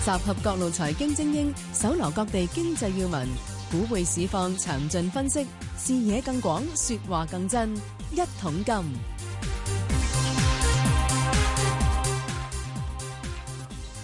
集合各路財經精英，搜羅各地經濟要聞，股匯市況詳盡分析，視野更廣，說話更真。一桶金。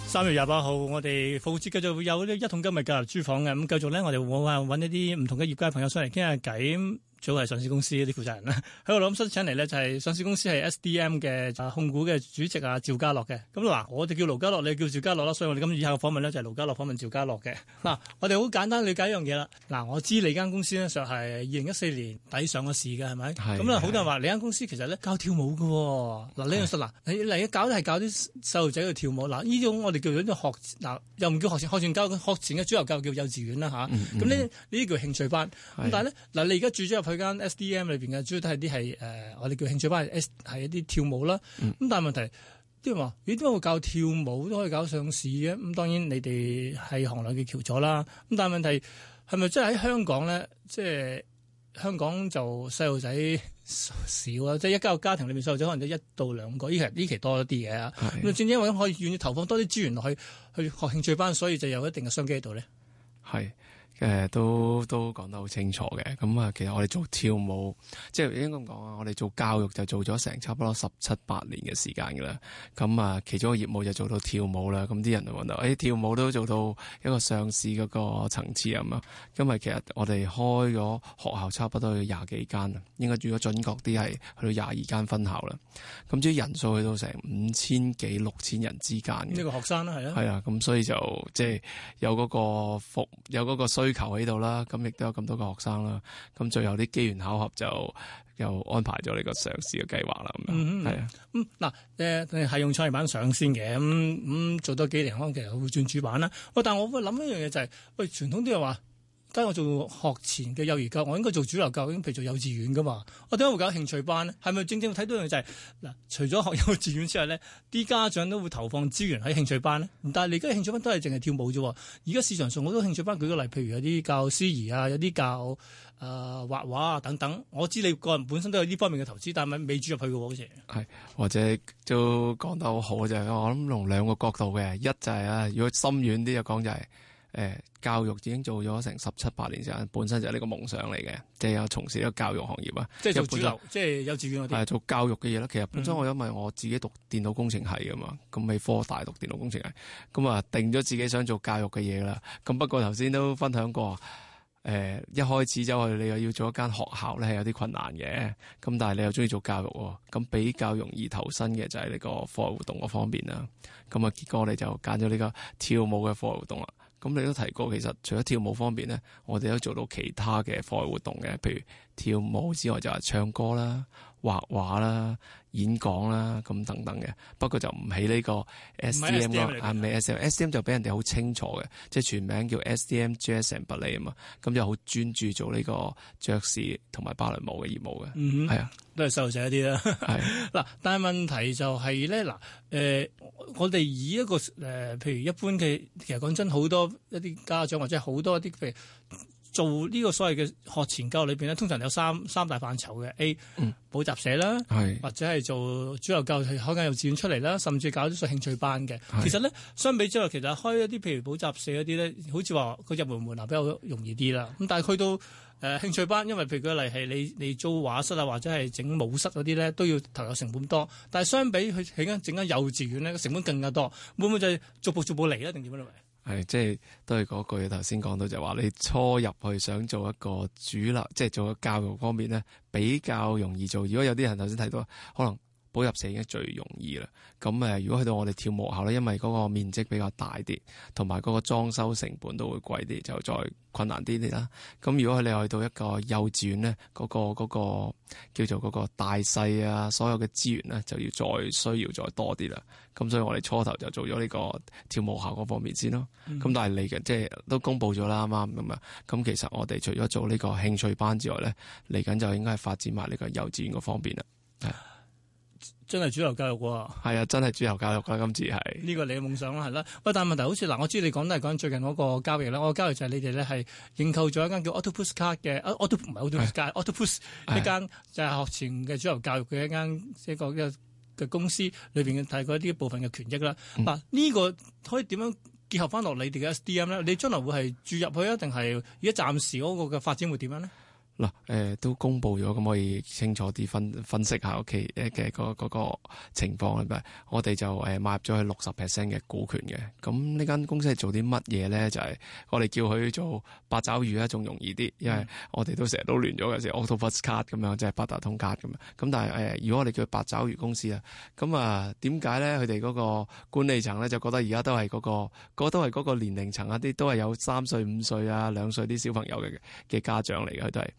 三月廿八號，我哋後續繼續會有呢一桶金咪加入住房嘅，咁繼續咧，我哋會啊揾一啲唔同嘅業界朋友上嚟傾下偈。做係上市公司啲負責人咧， 喺度諗申請嚟咧就係、是、上市公司係 SDM 嘅控股嘅主席啊趙家樂嘅。咁、嗯、嗱，我哋叫盧家樂，你叫趙家樂啦，所以我哋今次以下嘅訪問咧就係盧家樂訪問趙家樂嘅。嗱、嗯，我哋好簡單理解一樣嘢啦。嗱、嗯，我知你間公司咧就係二零一四年底上咗市嘅係咪？咁啦，好的、嗯嗯、多人話你間公司其實咧教跳舞嘅。嗱呢樣事嗱，嚟嘅搞都係搞啲細路仔去跳舞。嗱、嗯、呢種我哋叫做啲學，嗱又唔叫學前，學前教學，學前嘅主流教育叫幼稚園啦吓，咁呢呢啲叫興趣班。咁、嗯、但係咧嗱，你而家注咗入去。間 SDM 裏邊嘅主要都係啲係誒，我哋叫興趣班，係一啲跳舞啦。咁、嗯、但係問題啲人話，咦？點解我教跳舞都可以搞上市嘅？咁、嗯、當然你哋係行內嘅翹楚啦。咁但係問題係咪真係喺香港咧？即係香港就細路仔少啊，即係一家個家庭裏面細路仔可能只一到兩個。呢期呢期多一啲嘅。咁正的正因為可以願意投放多啲資源落去去學興趣班，所以就有一定嘅商機喺度咧。係。誒，都都講得好清楚嘅。咁啊，其實我哋做跳舞，即係應該咁講啊，我哋做教育就做咗成差不多十七八年嘅時間噶啦，咁啊，其中一個業務就做到跳舞啦，咁啲人就問到，誒、哎，跳舞都做到一個上市嗰個層次啊嘛，因為其實我哋開咗學校差不多廿幾間啊，應該如果準確啲係去到廿二間分校啦，咁即係人數去到成五千幾六千人之間嘅。呢個學生啦，係啊，係啊，咁所以就即係有嗰個服，有嗰個需。需求喺度啦，咁亦都有咁多嘅學生啦，咁最後啲機緣巧合就又安排咗呢個上市嘅計劃啦。咁樣，係啊，嗯嗱，誒、呃、係用創業板上先嘅，咁、嗯、咁、嗯、做多幾年康其實佢會轉主板啦、哦就是。喂，但係我會諗一樣嘢就係，喂傳統啲嘅話。所以我做學前嘅幼兒教，我應該做主流教，應該譬如做幼稚園噶嘛。啊、我點解會搞興趣班咧？係咪正正睇到樣就係、是、嗱，除咗學幼稚園之外咧，啲家長都會投放資源喺興趣班咧。但係你而家興趣班都係淨係跳舞啫。而家市場上好多興趣班，舉個例，譬如有啲教詩詞啊，有啲教誒、呃、畫畫、啊、等等。我知你個人本身都有呢方面嘅投資，但係未注入去嘅喎？好似係或者都講得好好就係、是、我諗用兩個角度嘅，一就係啊，如果深遠啲就講就係、是。誒、欸，教育已經做咗成十七八年時間，本身就係呢個夢想嚟嘅，即係有從事一個教育行業啊，即係做主流，即係幼稚園嗰啲啊，做教育嘅嘢啦。其實本身我因為我自己讀電腦工程系噶嘛，咁咪科大讀電腦工程系，咁啊定咗自己想做教育嘅嘢啦。咁不過頭先都分享過，誒、欸、一開始走去你又要做一間學校咧，有啲困難嘅。咁但係你又中意做教育，咁比較容易投身嘅就係呢個課外活動嗰方面啦。咁啊，結果你就揀咗呢個跳舞嘅課外活動啦。咁你都提過，其實除咗跳舞方面咧，我哋都做到其他嘅課外活動嘅，譬如。跳舞之外就係唱歌啦、畫畫啦、演講啦咁等等嘅，不過就唔係呢個 M, S D M 嗰啱啱 S,、啊、 D SD M, M 就俾人哋好清楚嘅，即係全名叫 S D M Jazz and Ballet 啊嘛，咁就好專注做呢個爵士同埋芭蕾舞嘅業務嘅，係、嗯、哼啊，都係細路仔一啲啦。係嗱、啊， 但係問題就係咧嗱，誒、呃、我哋以一個誒、呃，譬如一般嘅，其實講真好多一啲家長或者好多一啲譬如。做呢個所謂嘅學前教育裏邊咧，通常有三三大範疇嘅 A 補習社啦，嗯、或者係做主流教開間幼稚園出嚟啦，甚至搞啲所謂興趣班嘅。嗯、其實咧，相比之外，其實開一啲譬如補習社嗰啲咧，好似話個入門門檻比較容易啲啦。咁但係去到誒、呃、興趣班，因為譬如舉個例係你你租畫室啊，或者係整舞室嗰啲咧，都要投入成本多。但係相比佢起間整間幼稚園咧，成本更加多。會唔會就係逐步逐步嚟咧，定點樣？係，即係都係嗰句頭先講到就話、是、你初入去想做一個主流，即係做一個教育方面咧，比較容易做。如果有啲人頭先睇到，可能。走入社已經最容易啦。咁誒，如果去到我哋跳舞校咧，因為嗰個面積比較大啲，同埋嗰個裝修成本都會貴啲，就再困難啲啲啦。咁如果你去到一個幼稚園咧，嗰、嗰個、嗰個叫做嗰個大細啊，所有嘅資源咧，就要再需要再多啲啦。咁所以我哋初頭就做咗呢個跳舞校嗰方面先咯。咁、嗯、但係嚟緊即係都公布咗啦，啱唔啱啊？咁其實我哋除咗做呢個興趣班之外咧，嚟緊就應該係發展埋呢個幼稚園嗰方面啦。真係主流教育喎，係啊，真係主流教育啊，今次係呢個你嘅夢想啦，係啦。喂，但係問題好似嗱，我知你講都係講最近嗰個交易啦。我交易就係你哋咧係認購咗一間叫 Octopus Card 嘅，啊，我都唔係 Octopus Card，Octopus 一間就係學前嘅主流教育嘅一間一個嘅公司裏邊嘅，係嗰啲部分嘅權益啦。嗱，呢個可以點樣結合翻落你哋嘅 SDM 咧？你將來會係注入去啊，定係而家暫時嗰個嘅發展會點樣咧？嗱，誒都、嗯、公布咗，咁可以清楚啲分分析下屋企誒嘅嗰個情況啊！咪我哋就誒買入咗佢六十 percent 嘅股權嘅。咁呢間公司係做啲乜嘢咧？就係、是、我哋叫佢做八爪魚啊，仲容易啲，因為我哋都成日都亂咗嘅，時 Octopus 卡咁樣，即係八達通卡咁樣。咁但係誒，如果我哋叫八爪魚公司啊，咁啊點解咧？佢哋嗰個管理層咧就覺得而家都係嗰、那個，個都係嗰個年齡層一啲，都係有三歲五歲啊、兩歲啲小朋友嘅嘅家長嚟嘅，佢哋。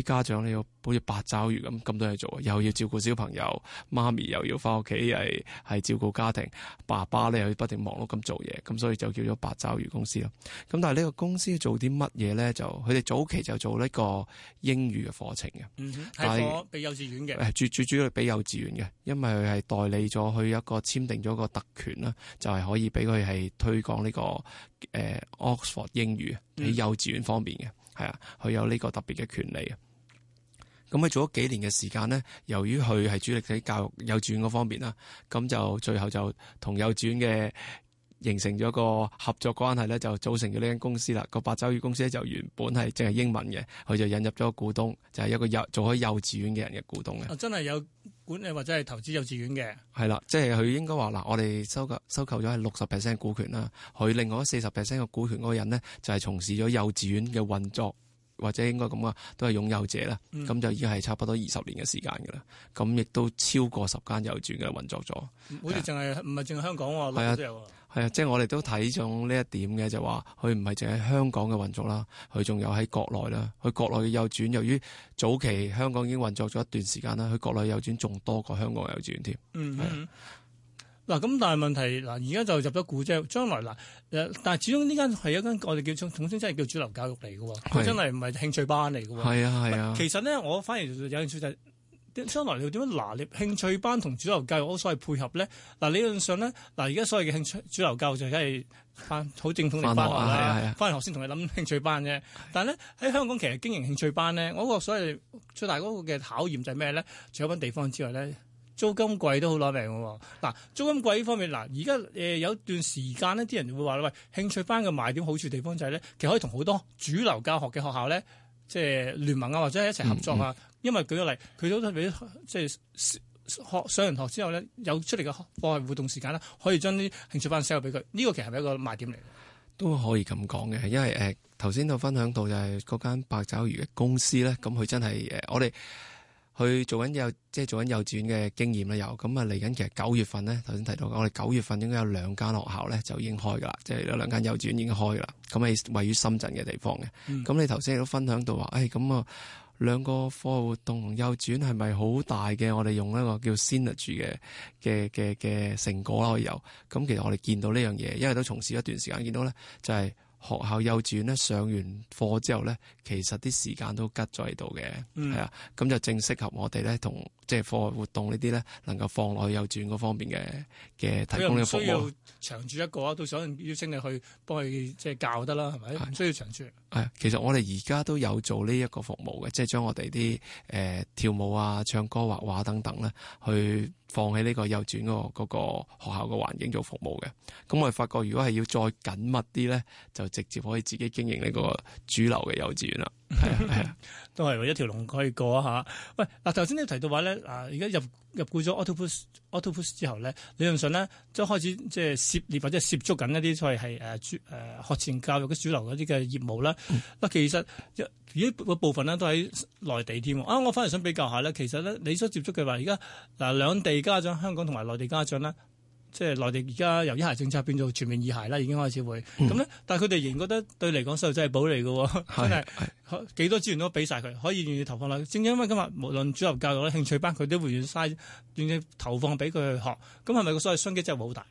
啲家長咧要好似八爪魚咁咁多嘢做，又要照顧小朋友，媽咪又要翻屋企，係係照顧家庭，爸爸咧又要不停忙碌咁做嘢，咁所以就叫咗八爪魚公司咯。咁但係呢個公司做啲乜嘢咧？就佢哋早期就做呢個英語嘅課程嘅，嗯哼，係我俾幼稚園嘅，誒，最最主要係俾幼稚園嘅，因為佢係代理咗佢一個簽訂咗一個特權啦，就係可以俾佢係推廣呢個誒 Oxford 英語喺幼稚園方面嘅，係啊、嗯，佢有呢個特別嘅權利。咁佢做咗幾年嘅時間咧，由於佢係主力喺教育幼稚園嗰方面啦，咁就最後就同幼稚園嘅形成咗個合作關係咧，就組成咗呢間公司啦。個八爪魚公司咧就原本係即係英文嘅，佢就引入咗個股東，就係、是、一,一個幼做開幼稚園嘅人嘅股東嘅、啊。真係有管理或者係投資幼稚園嘅。係啦，即係佢應該話嗱，我哋收購收購咗係六十 percent 股權啦，佢另外四十 percent 嘅股權嗰個人咧就係從事咗幼稚園嘅運作。或者應該咁啊，都係擁有者啦。咁、嗯、就已經係差不多二十年嘅時間嘅啦。咁亦都超過十間幼兒園嘅運作咗。好似淨係唔係淨係香港喎，內地有係啊，即係姐、啊就是、我哋都睇中呢一點嘅，就話佢唔係淨係香港嘅運作啦，佢仲有喺國內啦。佢國內嘅幼兒園由於早期香港已經運作咗一段時間啦，佢國內嘅幼兒園仲多過香港幼兒園添。嗯哼。嗱咁、啊，但係問題嗱，而家就入咗股啫。將來嗱，誒，但係始終呢間係一間我哋叫總總稱真係叫主流教育嚟嘅喎，真係唔係興趣班嚟嘅喎。啊係啊。啊其實咧，我反而有興趣，就係、是，將來要點樣拿捏興趣班同主流教育嗰所謂配合咧？嗱理論上咧，嗱而家所謂嘅興趣主流教育就係翻好正統嘅班啦、啊，翻、啊啊啊、學先同你諗興趣班啫。啊、但係咧喺香港其實經營興趣班咧，我個所謂最大嗰個嘅考驗就係咩咧？除咗揾地方之外咧。租金貴都好攞命喎，嗱租金貴呢方面，嗱而家誒有一段時間呢啲人會話咧，喂興趣班嘅賣點好處地方就係、是、咧，其實可以同好多主流教學嘅學校咧，即係聯盟啊或者一齊合作啊，嗯嗯、因為舉個例，佢都俾即係學上完學之後咧，有出嚟嘅課外活動時間咧，可以將啲興趣班 sell 俾佢，呢、這個其實係一個賣點嚟。都可以咁講嘅，因為誒頭先我分享到就係、是、嗰間八爪魚嘅公司咧，咁佢真係誒、嗯、我哋。去做緊幼即係、就是、做緊幼稚園嘅經驗啦，有咁啊，嚟緊其實九月份咧，頭先提到我哋九月份應該有兩間學校咧就已經開噶啦，即、就、係、是、有兩間幼稚園已經開啦。咁係位於深圳嘅地方嘅。咁、嗯、你頭先亦都分享到話，誒咁啊兩個課外活動同幼稚園係咪好大嘅？我哋用一個叫 Synergy 嘅嘅嘅嘅成果可以有。咁其實我哋見到呢樣嘢，因為都從事一段時間，見到咧就係、是。學校幼稚園咧上完課之後咧，其實啲時間都吉咗喺度嘅，係啊、嗯，咁就正適合我哋咧，同即係課外活動呢啲咧，能夠放落去幼稚園嗰方面嘅嘅提供呢個服務，長住一個啊，都想邀請你去幫佢即係教得啦，係咪？唔需要長住？係其實我哋而家都有做呢一個服務嘅，即係將我哋啲誒跳舞啊、唱歌、畫畫等等咧去。放喺呢個幼稚園嗰個嗰個學校個環境做服務嘅，咁我哋發覺如果係要再緊密啲咧，就直接可以自己經營呢個主流嘅幼稚園啦。係啊， 都係一條龍可以過啊吓。喂，嗱，頭先你提到話咧，嗱而家入入股咗 AutoPush、AutoPush 之後咧，李潤信咧，即係開始即係涉獵或者涉足緊一啲所謂係係誒誒學前教育嘅主流嗰啲嘅業務啦。嗱、嗯啊，其實一而部分咧都喺內地添啊。我反而想比較下咧，其實咧你所接觸嘅話，而家嗱兩地家長、香港同埋內地家長咧。即係內地而家由一孩政策變做全面二孩啦，已經開始會咁咧。嗯、但係佢哋仍然覺得對嚟講，收益真係補嚟嘅，真係幾多資源都俾晒佢，可以願意投放啦。正因為今日無論主流教育咧、興趣班，佢都會用曬，願意投放俾佢去學。咁係咪個所謂商機真係好大？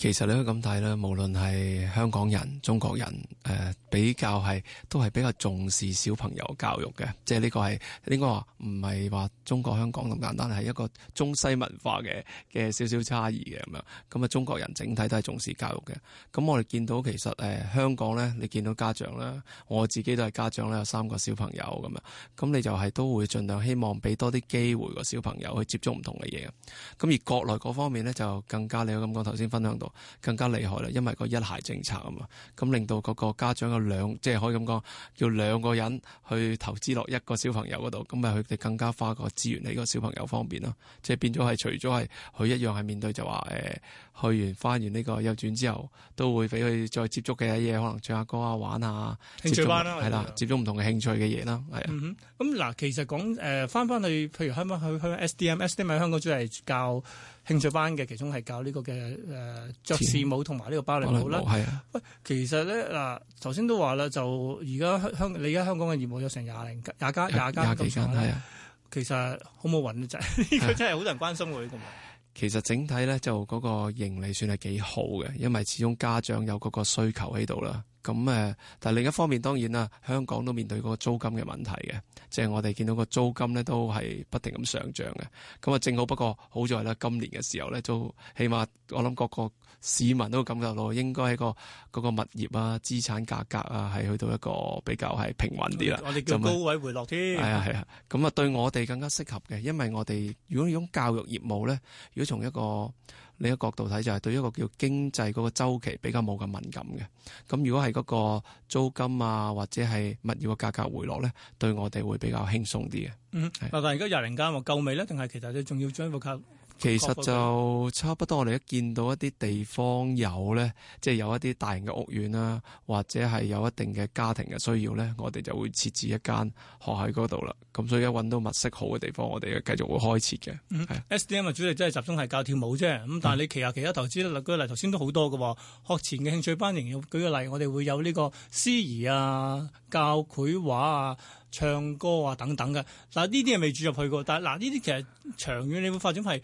其實你可以咁睇啦，無論係香港人、中國人，誒、呃、比較係都係比較重視小朋友教育嘅，即係呢、這個係應該話唔係話中國香港咁簡單，係一個中西文化嘅嘅少少差異嘅咁樣。咁啊，中國人整體都係重視教育嘅。咁我哋見到其實誒、呃、香港咧，你見到家長啦，我自己都係家長啦，有三個小朋友咁啊，咁你就係都會盡量希望俾多啲機會個小朋友去接觸唔同嘅嘢。咁而國內嗰方面咧就更加你咁講頭先分享到。更加厲害啦，因為個一孩政策啊嘛，咁令到個個家長有兩，即係可以咁講，要兩個人去投資落一個小朋友嗰度，咁咪佢哋更加花個資源喺個小朋友方面咯。即係變咗係，除咗係佢一樣係面對就話，誒，去完翻完呢、這個幼稚園之後，都會俾佢再接觸其他嘢，可能唱下歌啊，玩下，興趣班啦，係啦，接觸唔同嘅興趣嘅嘢啦，係啊。咁嗱、嗯嗯，其實講誒，翻翻去，譬如香港去去 S D M，S D M 香港主係教。興趣班嘅其中係教呢個嘅誒爵士舞同埋呢個芭蕾舞啦。係啊，喂，其實咧嗱，頭先都話啦，就而家香你而家香港嘅業務有成廿零廿家廿家幾間啦。係啊，其實好冇運啊， 真係真係好多人關心喎呢個。的其實整體咧就嗰個盈利算係幾好嘅，因為始終家長有嗰個需求喺度啦。咁誒，但係另一方面當然啦，香港都面對嗰個租金嘅問題嘅，即係我哋見到個租金咧都係不停咁上漲嘅。咁啊，正好不過好在咧，今年嘅時候咧都起碼我諗各個市民都感覺到應該喺個嗰個物業啊資產價格啊係去到一個比較係平穩啲啦，我哋叫高位回落添。係啊係啊，咁啊對我哋更加適合嘅，因為我哋如果呢種教育業務咧，如果從一個另一角度睇就係、是、對一個叫經濟嗰個週期比較冇咁敏感嘅，咁如果係嗰個租金啊或者係物業嘅價格回落咧，對我哋會比較輕鬆啲嘅。嗯，但係而家廿零間喎，夠未咧？定係其實你仲要將其實就差不多，我哋一見到一啲地方有咧，即係有一啲大型嘅屋苑啦，或者係有一定嘅家庭嘅需要咧，我哋就會設置一間學喺嗰度啦。咁所以一揾到物色好嘅地方，我哋繼續會開設嘅。嗯，是。SDM 嘅主力真係集中係教跳舞啫。咁但係你旗下其他投資咧，舉個例頭先都好多嘅喎，學前嘅興趣班仍然舉個例，我哋會有呢個詩兒啊、教繪畫啊、唱歌啊等等嘅。嗱呢啲係未注入去過，但係嗱呢啲其實長遠你會發展係。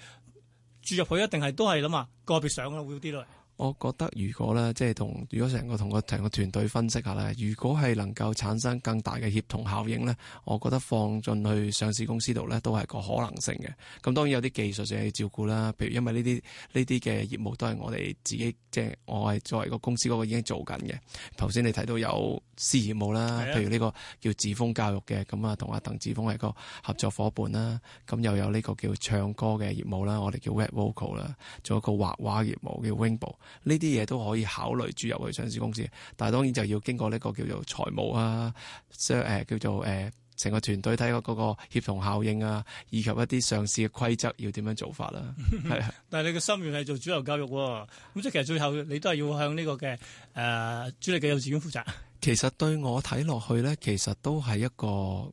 注入去一定係都係咁啊，個別想啦，會啲咯。我覺得如果咧，即係同如果成個同個成個團隊分析下咧，如果係能夠產生更大嘅協同效應咧，我覺得放進去上市公司度咧，都係個可能性嘅。咁當然有啲技術上嘅照顧啦，譬如因為呢啲呢啲嘅業務都係我哋自己，即係我係作為個公司嗰個已經做緊嘅。頭先你睇到有私業務啦，譬如呢個叫智峰教育嘅，咁啊同阿鄧智峰係個合作伙伴啦。咁又有呢個叫唱歌嘅業務啦，我哋叫 Red Vocal 啦，仲有一個畫畫業務叫 Wingbo。呢啲嘢都可以考慮注入去上市公司，但係當然就要經過呢個叫做財務啊，即誒叫做誒成、啊、個團隊睇個嗰個協同效應啊，以及一啲上市嘅規則要點樣做法啦。係，但係你嘅心願係做主流教育，哦，咁即係其實最後你都係要向呢個嘅誒、呃、主力嘅幼稚園負責。其實對我睇落去呢，其實都係一個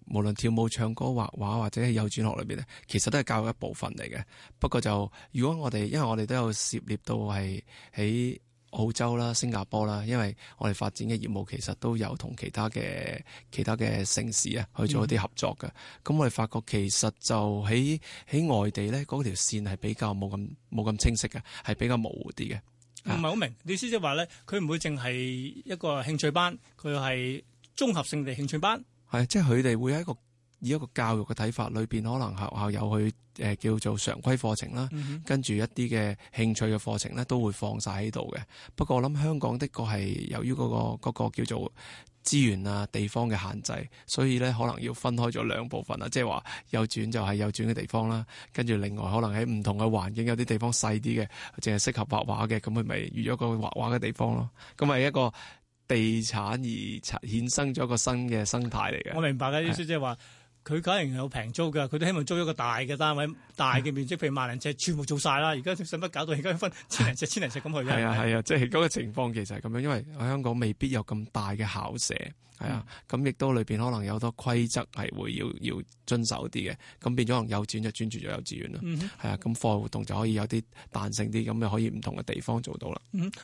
無論跳舞、唱歌、畫畫或者喺幼稚學裏邊呢，其實都係教育一部分嚟嘅。不過就如果我哋，因為我哋都有涉獵到係喺澳洲啦、新加坡啦，因為我哋發展嘅業務其實都有同其他嘅其他嘅城市啊去做一啲合作嘅。咁、嗯、我哋發覺其實就喺喺外地呢，嗰條綫係比較冇咁冇咁清晰嘅，係比較模糊啲嘅。唔係好明，意思即係話咧，佢唔會淨係一個興趣班，佢係綜合性嘅興趣班。係，即係佢哋會喺一個以一個教育嘅睇法裏邊，裡面可能學校有佢誒、呃、叫做常規課程啦，嗯、哼跟住一啲嘅興趣嘅課程咧，都會放晒喺度嘅。不過我諗香港的確係由於嗰、那個嗰、嗯、個叫做。資源啊，地方嘅限制，所以咧可能要分開咗兩部分啊，即係話右轉就係右轉嘅地方啦，跟住另外可能喺唔同嘅環境有啲地方細啲嘅，淨係適合畫畫嘅，咁佢咪預咗個畫畫嘅地方咯，咁係一個地產而產生咗一個新嘅生態嚟嘅。我明白嘅，是意思即係話。佢梗係有平租嘅，佢都希望租一個大嘅單位，大嘅面積譬如萬零尺，全部做晒啦。而家使乜搞到而家分千零尺、千零尺咁去咧？係 啊，係啊，即係嗰個情況其實係咁樣，因為香港未必有咁大嘅校舍，係啊，咁亦都裏邊可能有好多規則係會要要遵守啲嘅，咁變咗可能幼稚園就專注咗幼稚園啦，係、嗯、哼啊，咁課外活動就可以有啲彈性啲，咁又可以唔同嘅地方做到啦。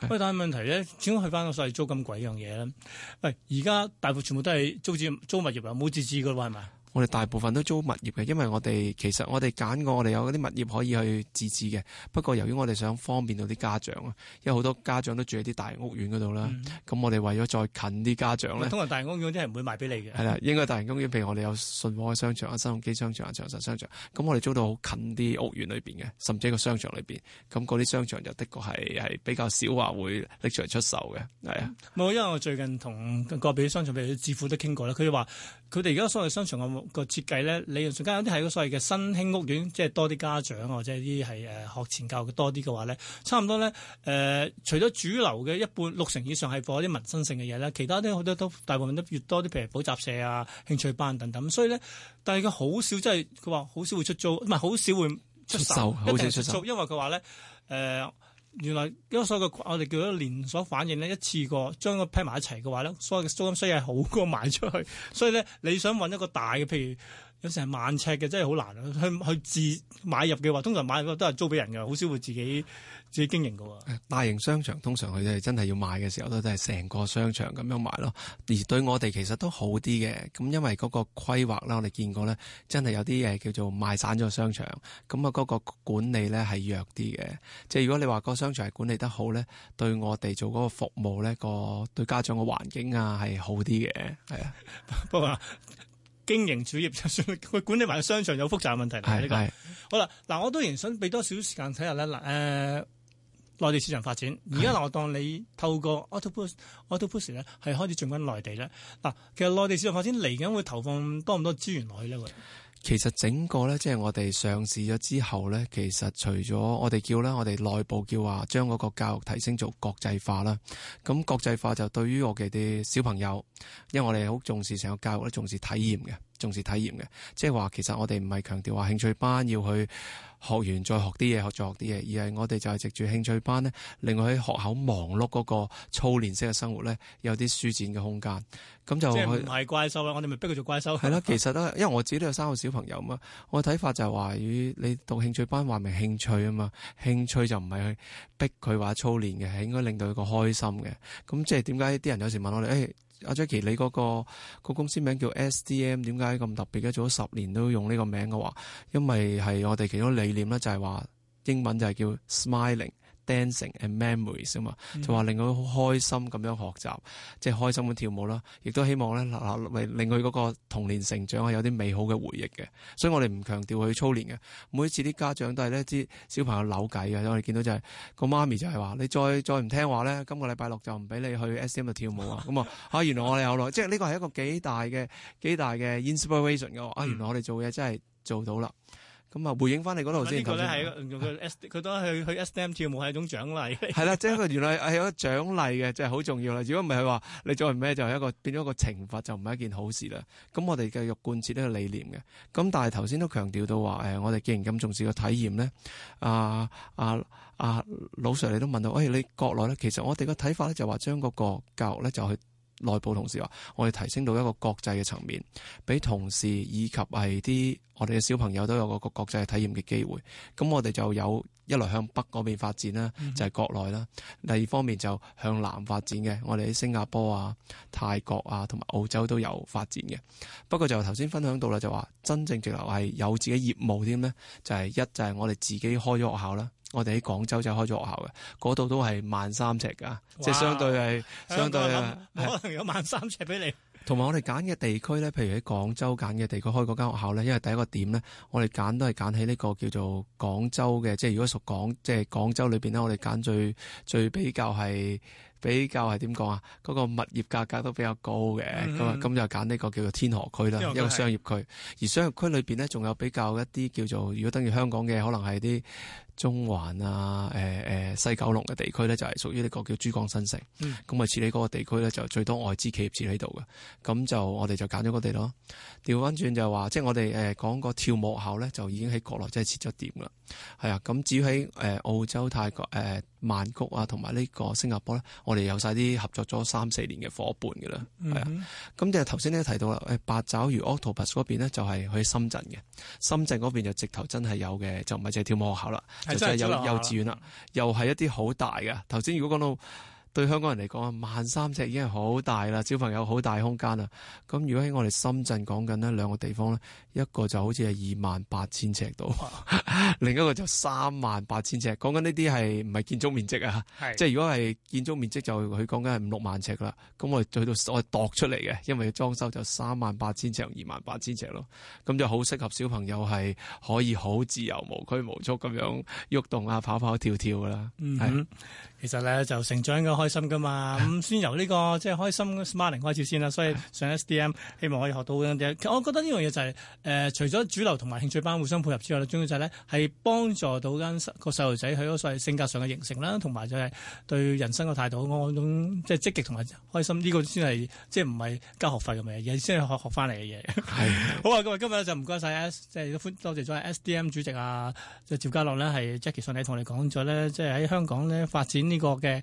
喂，但係問題咧，點解去翻個細租咁鬼樣嘢咧？喂，而家大部全部都係租住租物業啊，冇自置噶啦，係咪？我哋大部分都租物業嘅，因為我哋其實我哋揀過，我哋有啲物業可以去自置嘅。不過由於我哋想方便到啲家長啊，因為好多家長都住喺啲大型屋苑嗰度啦，咁、嗯、我哋為咗再近啲家長咧，通常大型屋苑啲人唔會賣俾你嘅。係啦，應該大型屋苑，譬如我哋有信和商場啊、新鴻基商場啊、長實商場，咁我哋租到好近啲屋苑裏邊嘅，甚至一個商場裏邊，咁嗰啲商場就的確係係比較少話會拎出嚟出售嘅。係啊，冇，因為我最近同個別商場譬如置富都傾過啦，佢話佢哋而家所有商場個設計咧，理論上間有啲係個所謂嘅新興屋苑，即係多啲家長或者啲係誒學前教育多啲嘅話咧，差唔多咧誒、呃，除咗主流嘅一半六成以上係放一啲民生性嘅嘢咧，其他啲好多都大部分都越多啲，譬如補習社啊、興趣班等等，所以咧，但係佢好少，即係佢話好少會出租，唔係好少會出、出售，好少出租，因為佢話咧誒。呃原來因為所有嘅我哋叫咗連鎖反應咧，一次過將佢批埋一齊嘅話咧，所有嘅租金收益好過賣出去，所以咧，你想搵一個大嘅，譬如。有成萬尺嘅，真係好難。去去自買入嘅話，通常買個都係租俾人噶，好少會自己自己經營噶。大型商場通常佢哋真係要買嘅時候，都係成個商場咁樣買咯。而對我哋其實都好啲嘅，咁因為嗰個規劃啦，我哋見過咧，真係有啲誒叫做賣散咗商場，咁啊嗰個管理咧係弱啲嘅。即係如果你話個商場係管理得好咧，對我哋做嗰個服務咧，個對家長嘅環境啊係好啲嘅，係啊。不過。經營主業就算佢管理埋個商場有複雜嘅問題，係呢是、這個是好啦。嗱，我當然想俾多少時間睇下咧。嗱、呃，誒內地市場發展，而家嗱，是我當你透過 auto push aut、auto push 咧，係開始進軍內地咧。嗱、啊，其實內地市場發展嚟緊會投放多唔多資源落去咧？會。其實整個呢，即係我哋上市咗之後呢，其實除咗我哋叫咧，我哋內部叫話將嗰個教育提升做國際化啦。咁國際化就對於我哋啲小朋友，因為我哋好重視成個教育咧，重視體驗嘅。重視體驗嘅，即係話其實我哋唔係強調話興趣班要去學完再學啲嘢，學再學啲嘢，而係我哋就係藉住興趣班咧，令我喺學校忙碌嗰個操練式嘅生活咧，有啲舒展嘅空間。咁就即係唔係怪獸啊？我哋咪逼佢做怪獸啊。係咯，其實都係因為我自己都有三個小朋友嘛。我嘅睇法就係話、呃，你讀興趣班話明興趣啊嘛，興趣就唔係去逼佢話操練嘅，係應該令到佢個開心嘅。咁即係點解啲人有時問我哋誒？哎阿 Jacky，你個個公司名叫 SDM，點解咁特別嘅？做咗十年都用呢個名嘅話，因為係我哋其中理念咧，就係話英文就係叫 smiling。Dancing and memories 啊嘛、嗯，就話令佢好開心咁樣學習，即係開心咁跳舞啦，亦都希望咧，令佢嗰個童年成長係有啲美好嘅回憶嘅。所以我哋唔強調佢操練嘅。每次啲家長都係呢啲小朋友扭計嘅，我哋見到就係個媽咪就係話：你再再唔聽話咧，今個禮拜六就唔俾你去 SDM 度跳舞啊！咁啊嚇，原來我哋有啦。即係呢個係一個幾大嘅幾大嘅 inspiration 嘅。啊，原來我哋做嘢真係做到啦。咁啊，回應翻你嗰度先。呢個咧佢都係去 SDM 跳舞係一種獎勵，係啦，即係佢原來係有獎勵嘅，即係好重要啦。如果唔係，佢話你作係咩，就係、是、一個變咗一個懲罰，就唔係一件好事啦。咁我哋繼續貫徹呢個理念嘅。咁但係頭先都強調到話誒，我、哎、哋既然咁重視個體驗咧，啊啊啊，老 Sir 你都問到，誒、哎、你國內咧，其實我哋嘅睇法咧就話將嗰個教育咧就去。內部同事話：我哋提升到一個國際嘅層面，俾同事以及係啲我哋嘅小朋友都有個個國際嘅體驗嘅機會。咁我哋就有一來向北嗰邊發展啦，就係、是、國內啦；嗯、第二方面就向南發展嘅，我哋喺新加坡啊、泰國啊同埋澳洲都有發展嘅。不過就頭先分享到啦，就話真正直流係有自己業務添咧，就係、是、一就係、是、我哋自己開咗學校啦。我哋喺廣州就開咗學校嘅，嗰度都係萬三尺噶，哇即係相對係相對，相對可能有萬三尺俾你。同埋我哋揀嘅地區咧，譬如喺廣州揀嘅地區開嗰間學校咧，因為第一個點咧，我哋揀都係揀喺呢個叫做廣州嘅，即係如果屬廣即係廣州裏邊咧，我哋揀最最比較係比較係點講啊？嗰、嗰個物業價格都比較高嘅咁，咁、嗯、哼就揀呢個叫做天河區啦，嗯、哼一個商業區。嗯、哼而商業區裏邊咧，仲有比較一啲叫做如果等於香港嘅，可能係啲，中環啊，誒、呃、誒、呃、西九龍嘅地區咧，就係屬於呢個叫珠江新城。咁啊、嗯，設喺嗰個地區咧，就最多外資企業設喺度嘅。咁就我哋就揀咗嗰地咯。調翻轉就係話，即係我哋誒講個跳舞學校咧，就已經喺國內即係設咗點啦。係啊，咁至於喺誒澳洲、泰國、誒、呃、曼谷啊，同埋呢個新加坡咧，我哋有晒啲合作咗三四年嘅伙伴嘅啦。係啊，咁就頭先咧提到啦，誒、欸、八爪魚 Octopus 嗰邊咧就係去深圳嘅，深圳嗰邊就直頭真係有嘅，就唔係淨係跳舞學校啦，的就係有的幼稚園啦，嗯、又係一啲好大嘅。頭先如果講到對香港人嚟講啊，萬三尺已經係好大啦，小朋友好大空間呀。咁如果喺我哋深圳講緊呢兩個地方咧，一個就好似係二萬八千尺度，哇另一個就三萬八千尺。講緊呢啲係唔係建築面積啊？是即係如果係建築面積就佢講緊係五六萬尺啦。咁我哋去到度出嚟嘅，因為裝修就三萬八千尺同二萬八千尺咯。咁就好適合小朋友係可以好自由、無拘無束咁樣喐動啊、跑跑跳跳噶啦。嗯哼，是其實咧就成長開心噶嘛咁 先由呢、這個即係、就是、開心 Smiling 開始先啦。所以上 S D M 希望可以學到嘅嘢，我覺得呢樣嘢就係、是、誒、呃，除咗主流同埋興趣班互相配合之外咧，主要就係呢係幫助到間個細路仔喺嗰個所謂性格上嘅形成啦，同埋就係對人生嘅態度，我嗰種即係積極同埋開心呢、這個先係即係唔係交學費嘅嘢，先係學學翻嚟嘅嘢。 的好啊！各位今日就唔該晒 S 即係多謝咗 S D M 主席啊，就趙家樂呢係 Jackie，上同你講咗呢，即係喺香港呢發展呢個嘅。